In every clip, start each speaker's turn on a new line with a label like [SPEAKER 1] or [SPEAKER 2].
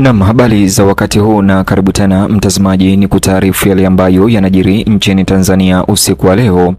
[SPEAKER 1] Nam, habari za wakati huu na karibu tena mtazamaji, ni kutaarifu yale ambayo yanajiri nchini Tanzania usiku wa leo.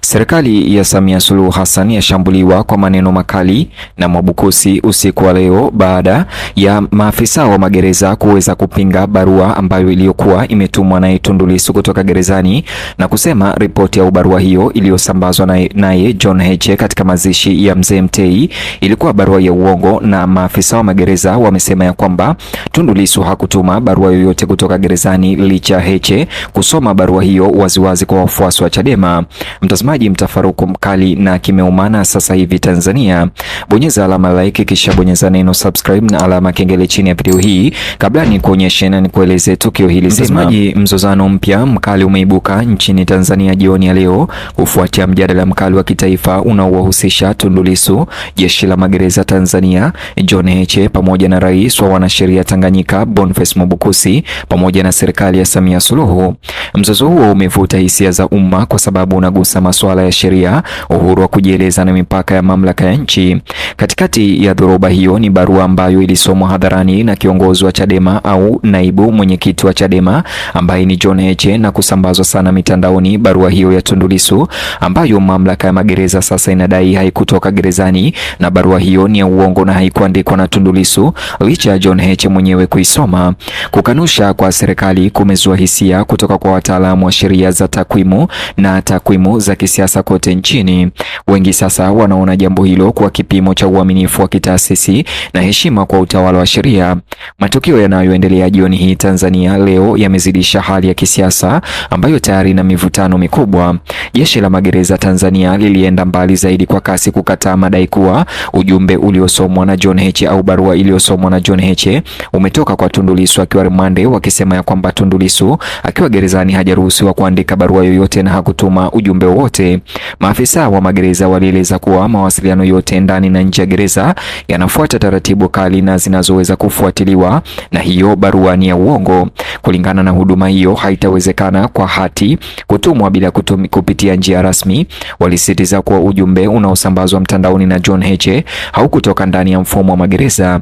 [SPEAKER 1] Serikali ya Samia Suluhu Hassan yashambuliwa kwa maneno makali na Mwabukusi usiku wa leo baada ya maafisa wa magereza kuweza kupinga barua ambayo iliyokuwa imetumwa naye Tundu Lissu kutoka gerezani na kusema ripoti au barua hiyo iliyosambazwa naye John Heche katika mazishi ya Mzee Mtei ilikuwa barua ya uongo, na maafisa wa magereza wamesema ya kwamba Tundu Lissu hakutuma barua yoyote kutoka gerezani licha Heche kusoma barua hiyo waziwazi kwa wafuasi wa Chadema. Mtazamaji, mtafaruku mkali na kimeumana sasa hivi Tanzania. Bonyeza alama like, kisha bonyeza neno subscribe na alama kengele chini ya video hii. Kabla ni kuonyeshe na nikueleze tukio hili zima.
[SPEAKER 2] mtazamaji, mzozano mpya mkali umeibuka nchini Tanzania jioni ya leo kufuatia mjadala mkali wa kitaifa unaowahusisha Tundu Lissu, jeshi la magereza Tanzania, John Heche pamoja na rais wa wanasheria Tanganyika Boniface Mwabukusi pamoja na serikali ya Samia Suluhu. Mzozo huo umevuta hisia za umma kwa sababu unagusa masuala ya sheria, uhuru wa kujieleza na mipaka ya mamlaka ya nchi. Katikati ya dhoruba hiyo ni barua ambayo ilisomwa hadharani na kiongozi wa Chadema au naibu mwenyekiti wa Chadema ambaye ni John Heche na kusambazwa sana mitandaoni. Barua hiyo ya Tundu Lissu ambayo mamlaka ya magereza sasa inadai haikutoka gerezani na barua hiyo ni ya uongo na haikuandikwa na Tundu Lissu licha ya John Heche mwenyewe kuisoma. Kukanusha kwa serikali kumezua hisia kutoka kwa wataalamu wa sheria za takwimu na takwimu za kisiasa kote nchini. Wengi sasa wanaona jambo hilo kuwa kipimo cha uaminifu wa kitaasisi na heshima kwa utawala wa sheria. Matukio yanayoendelea jioni hii Tanzania leo yamezidisha hali ya kisiasa ambayo tayari ina mivutano mikubwa. Jeshi la magereza Tanzania lilienda mbali zaidi kwa kasi kukataa madai kuwa ujumbe uliosomwa na John Heche au barua iliyosomwa na John Heche umetoka kwa Tundu Lissu akiwa rumande, wakisema ya kwamba Tundu Lissu akiwa gerezani hajaruhusiwa kuandika barua yoyote na hakutuma ujumbe wowote. Maafisa wa magereza walieleza kuwa mawasiliano yote ndani na nje ya gereza yanafuata taratibu kali na zinazoweza kufuatiliwa, na hiyo barua ni ya uongo. Kulingana na huduma hiyo, haitawezekana kwa hati kutumwa bila kutumi, kupitia njia rasmi. Walisitiza kuwa ujumbe unaosambazwa mtandaoni na John Heche haukutoka ndani ya mfumo wa magereza.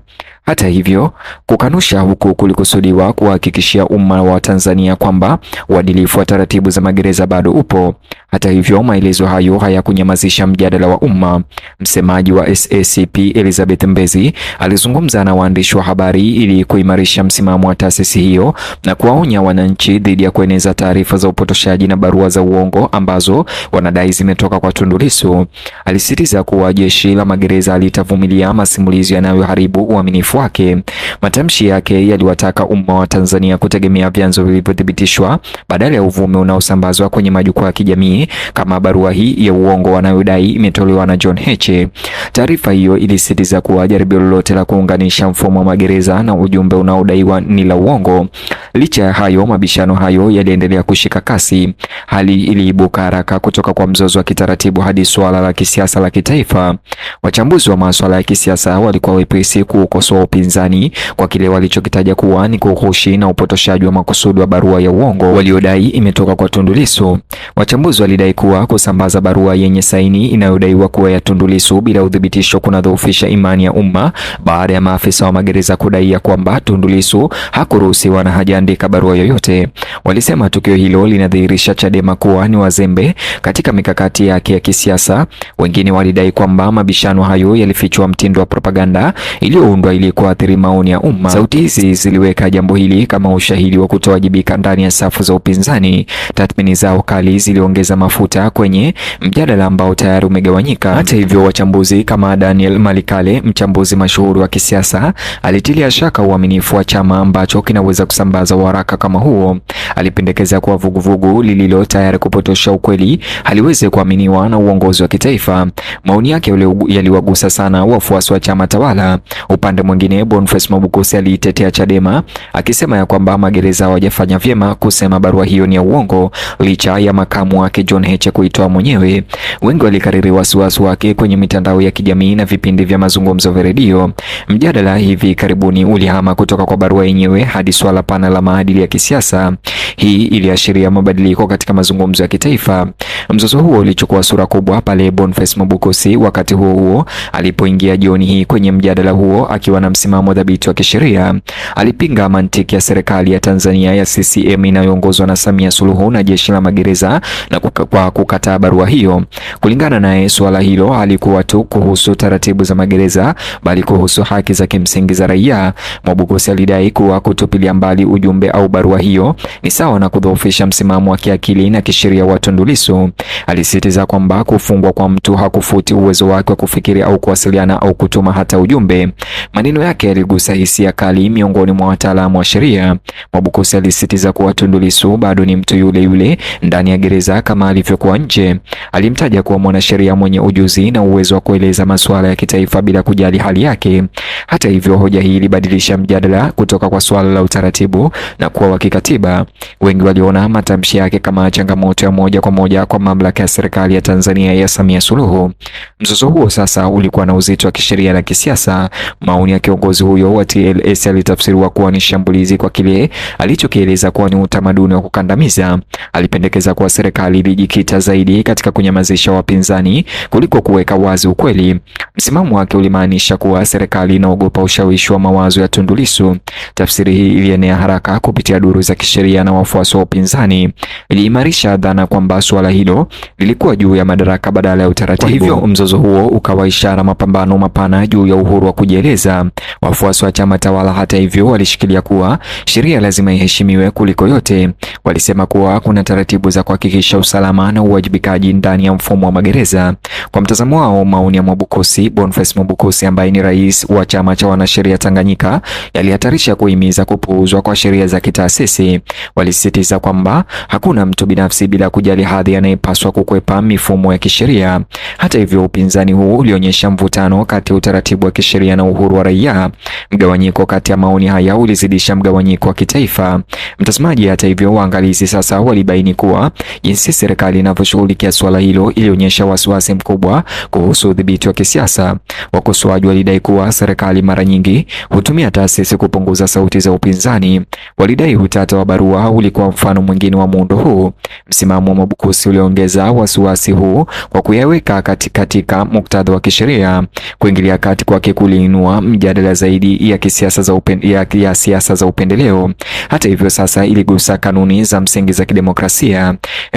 [SPEAKER 2] Hata hivyo, kukanusha huku kulikusudiwa kuhakikishia umma wa Tanzania kwamba uadilifu wa taratibu za magereza bado upo hata hivyo, maelezo hayo hayakunyamazisha mjadala wa umma. Msemaji wa SACP Elizabeth Mbezi alizungumza na waandishi wa habari ili kuimarisha msimamo wa taasisi hiyo na kuwaonya wananchi dhidi ya kueneza taarifa za upotoshaji na barua za uongo ambazo wanadai zimetoka kwa Tundu Lissu. Alisitiza kuwa jeshi la magereza alitavumilia masimulizi yanayoharibu uaminifu wake. Matamshi yake yaliwataka umma wa Tanzania kutegemea vyanzo vilivyothibitishwa badala ya uvumi unaosambazwa kwenye majukwaa ya kijamii kama barua hii ya uongo wanayodai imetolewa na John Heche. Taarifa hiyo ilisisitiza kuwa jaribio lolote la kuunganisha mfumo wa magereza na ujumbe unaodaiwa ni la uongo. Licha ya hayo, mabishano hayo yaliendelea kushika kasi. Hali iliibuka haraka kutoka kwa mzozo wa kitaratibu hadi suala la kisiasa la kitaifa. Wachambuzi wa masuala ya kisiasa walikuwa wepesi kuukosoa upinzani kwa kile walichokitaja kuwa ni kughushi na upotoshaji wa makusudi wa barua ya uongo waliodai imetoka kwa Tundu Lissu. Wachambuzi alidai kuwa kusambaza barua yenye saini inayodaiwa kuwa ya Tundu Lissu bila uthibitisho kunadhoofisha imani ya umma baada ya maafisa wa magereza kudai kwamba Tundu Lissu hakuruhusiwa na hajaandika barua yoyote. Walisema tukio hilo linadhihirisha Chadema kuwa ni wazembe katika mikakati yake ya kisiasa. Wengine walidai kwamba mabishano hayo yalifichwa mtindo wa propaganda iliyoundwa ili kuathiri maoni ya umma. Sauti hizi ziliweka jambo hili kama ushahidi wa kutowajibika ndani ya safu za upinzani. Tathmini zao kali ziliongeza mafuta kwenye mjadala ambao tayari umegawanyika. Hata hivyo, wachambuzi kama Daniel Malikale, mchambuzi mashuhuri wa kisiasa, alitilia shaka uaminifu wa chama ambacho kinaweza kusambaza waraka kama huo. Alipendekeza kuwa vuguvugu lililo tayari kupotosha ukweli haliwezi kuaminiwa na uongozi wa kitaifa. Maoni yake yaliwagusa sana wafuasi wa chama tawala. Upande mwingine, Boniface Mwabukusi aliitetea Chadema akisema ya kwamba magereza hawajafanya vyema kusema barua hiyo ni ya uongo licha ya makamu wake John Heche kuitoa mwenyewe, wengi walikariri wasiwasi wake kwenye mitandao ya kijamii na vipindi vya mazungumzo vya redio. Mjadala hivi karibuni ulihama kutoka kwa barua yenyewe hadi swala pana la maadili ya kisiasa. Hii iliashiria mabadiliko katika mazungumzo ya kitaifa. Mzozo huo ulichukua sura kubwa pale Boniface Mwabukusi, wakati huo huo, alipoingia jioni hii kwenye mjadala huo akiwa na msimamo dhabiti wa kisheria. Alipinga mantiki ya serikali ya Tanzania ya CCM inayoongozwa na Samia Suluhu na jeshi la magereza na kwa kukataa barua hiyo. Kulingana naye, suala hilo halikuwa tu kuhusu taratibu za magereza, bali kuhusu haki za kimsingi za raia. Mwabukusi alidai kuwa kutupilia mbali ujumbe au barua hiyo ni sawa na kudhoofisha msimamo wa kiakili na kisheria wa Tundu Lissu. Alisisitiza kwamba kufungwa kwa mtu hakufuti uwezo wake wa kufikiri au kuwasiliana au kutuma hata ujumbe. Maneno yake yaligusa hisia kali miongoni mwa wataalamu wa sheria. Mwabukusi alisisitiza kuwa Tundu Lissu bado ni mtu yule yule ndani ya gereza kama alivyokuwa nje. Alimtaja kuwa mwanasheria mwenye ujuzi na uwezo wa kueleza masuala ya kitaifa bila kujali hali yake. Hata hivyo, hoja hii ilibadilisha mjadala kutoka kwa suala la utaratibu na kuwa wa kikatiba. Wengi waliona matamshi yake kama changamoto ya moja kwa moja kwa mamlaka ya serikali ya Tanzania ya Samia Suluhu. Mzozo huo sasa ulikuwa na uzito wa kisheria na kisiasa. Maoni ya kiongozi huyo wa TLS alitafsiriwa kuwa ni shambulizi kwa kile alichokieleza kuwa ni utamaduni wa kukandamiza. Alipendekeza kuwa serikali amejikita zaidi katika kunyamazisha wapinzani kuliko kuweka wazi ukweli. Msimamo wake ulimaanisha kuwa serikali inaogopa ushawishi wa mawazo ya Tundu Lissu. Tafsiri hii ilienea haraka kupitia duru za kisheria na wafuasi wa upinzani. Iliimarisha dhana kwamba suala hilo lilikuwa juu ya madaraka badala ya utaratibu. Hivyo mzozo huo ukawa ishara mapambano mapana juu ya uhuru wa kujieleza. Wafuasi wa chama tawala, hata hivyo, walishikilia kuwa sheria lazima iheshimiwe kuliko yote. Walisema kuwa kuna taratibu za kuhakikisha usalama usalama na uwajibikaji ndani ya mfumo wa magereza. Kwa mtazamo wao, maoni ya Mwabukusi, Boniface Mwabukusi ambaye ni rais wa chama cha wanasheria Tanganyika, yalihatarisha kuhimiza kupuuzwa kwa sheria za kitaasisi. Walisisitiza kwamba hakuna mtu binafsi bila kujali hadhi anayepaswa kukwepa mifumo ya kisheria. Hata hivyo, upinzani huu ulionyesha mvutano kati ya utaratibu wa kisheria na uhuru wa raia. Mgawanyiko kati ya maoni haya ulizidisha mgawanyiko wa kitaifa. Mtazamaji, hata hivyo, waangalizi sasa walibaini kuwa jinsi serikali serikali inavyoshughulikia suala hilo ilionyesha wasiwasi mkubwa kuhusu udhibiti wa kisiasa. Wakosoaji walidai kuwa serikali mara nyingi hutumia taasisi kupunguza sauti za upinzani. Walidai utata wa barua ulikuwa mfano mwingine wa muundo huu. Msimamo wa Mwabukusi uliongeza wasiwasi huu kwa kuyaweka katika, katika muktadha wa kisheria. Kuingilia kati kwake kuliinua mjadala zaidi ya kisiasa za upen, ya, ya siasa za upendeleo. Hata hivyo, sasa iligusa kanuni za msingi za kidemokrasia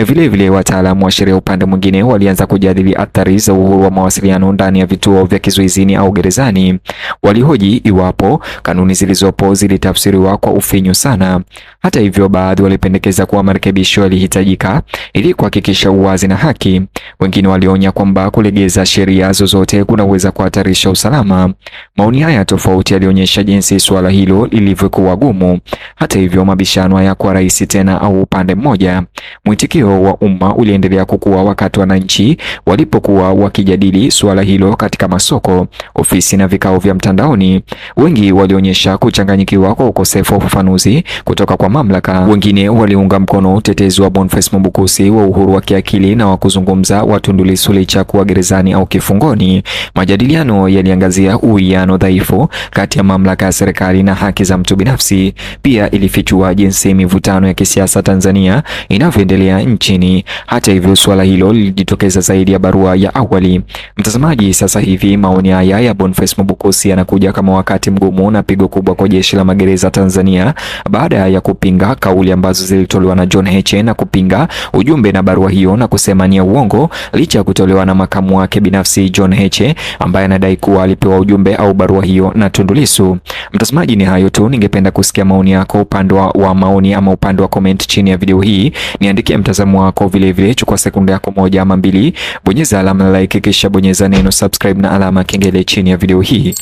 [SPEAKER 2] vilevile vile wataalamu wa sheria upande mwingine walianza kujadili athari za uhuru wa mawasiliano ndani ya vituo vya kizuizini au gerezani. Walihoji iwapo kanuni zilizopo zilitafsiriwa kwa ufinyu sana. Hata hivyo, baadhi walipendekeza kuwa marekebisho yalihitajika ili kuhakikisha uwazi na haki. Wengine walionya kwamba kulegeza sheria zozote kunaweza kuhatarisha usalama. Maoni haya tofauti yalionyesha jinsi suala hilo lilivyokuwa gumu. Hata hivyo, mabishano hayakuwa rahisi tena au upande mmoja. Mwitikio wa umma uliendelea kukua wakati wananchi walipokuwa wakijadili suala hilo katika masoko, ofisi na vikao vya mtandaoni. Wengi walionyesha kuchanganyikiwa kwa ukosefu wa ufafanuzi kutoka kwa mamlaka. Wengine waliunga mkono utetezi wa Boniface Mwabukusi wa uhuru wa kiakili na wa kuzungumza wa Tundu Lissu licha kuwa gerezani au kifungoni. Majadiliano yaliangazia uwiano dhaifu kati ya mamlaka ya serikali na haki za mtu binafsi. Pia ilifichua jinsi mivutano ya kisiasa Tanzania inavyoendelea nchini. Hata hivyo, suala hilo lilijitokeza zaidi ya barua ya awali. Mtazamaji, sasa hivi maoni haya ya Boniface Mwabukusi yanakuja kama wakati mgumu na pigo kubwa kwa jeshi la magereza Tanzania baada ya kupinga kauli ambazo zilitolewa na John Heche na kupinga ujumbe na barua hiyo na kusema ni uongo, licha ya kutolewa na makamu wake binafsi John Heche ambaye anadai kuwa alipewa ujumbe au barua hiyo na Tundu Lissu. Mtazamaji, ni hayo tu, ningependa kusikia maoni yako upande wa maoni ama upande wa comment chini ya video hii. Niandikie mtazamo wako vile vile chukua sekunde yako moja ama mbili, bonyeza alama like, kisha bonyeza neno subscribe na alama kengele chini ya video hii.